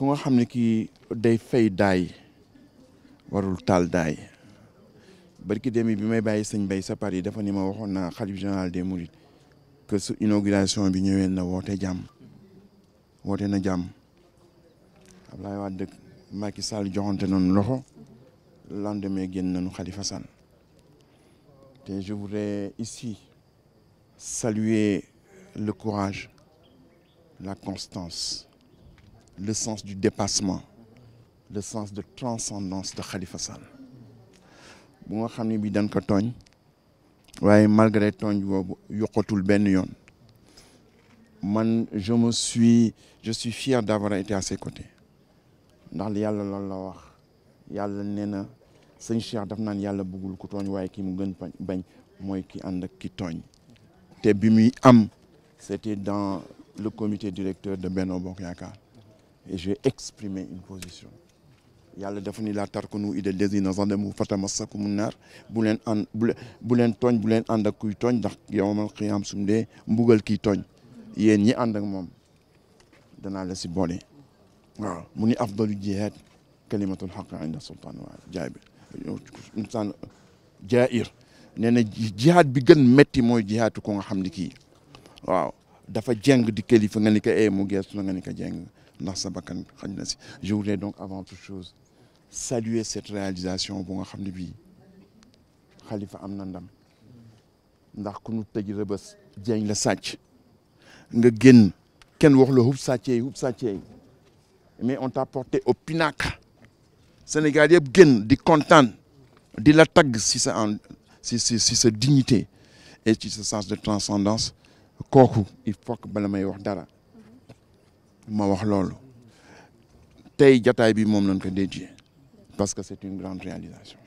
ku nga xam ne day fay day warul tal day barki demi bi may baye seigne Bay sa Paris dafa ni ma waxoon naa xalif général des Mourides que su inauguration bi ñewé na woote jam woote na jam Abdoulaye Wade deuk Macky Sall joxante nañu loxo lendemain genn nañu Khalifa Sall té je voudrais ici saluer le courage la constance le sens du dépassement le sens de transcendance de Khalifa Sall bu nga xam ne bi dañ ko tooñ waaye malgré tooñ boobu yoqatul benn yoon man je me suis je suis fier d'avoir été à ses côtés ndax yàlla loolu la wax yalla nena, na Cheikh daf naan yalla bëggul ku togn waaye ki mu gën bañ moy ki and ak ki togn. Té bi muy am c'était dans le comité directeur de Benno Bokk Yaakaar et j'ai exprimé une position yàlla dafa ni laa tarkunu ila lazina zalamu fatamassakumu naar bu leen ànd bu leen tooñ bu leen ànd ak kuy togn ndax yawmal qiyam sumde mbugal ki togn yen ñi ànd ak moom danaa la si bolé waaw muni afdalu jihad kalimatul xaq inda sultaan wa jaay bi jair nee na jihaad bi gën metti moy jihad ko nga xamni ki waaw dafa jeng di kilifa nga ni ko ee eh, mu geestu na nga ni je voudrais donc avant toute chose saluer cette réalisation bu nga xam bi Khalifa amna na ndam ndax ku ñu tej rëbës jeng la sàcc nga génn ken wax lo hub satché, hub satché, mais on t'a porté au pinacle Sénégal yëpp génn di kontaan di la tag si sa si si si sa dignité et si ce sens de transcendance kooku il faut que bala may wax dara ma wax loolu tey jataay bi moom lañ ko dédié parce que c'est une grande réalisation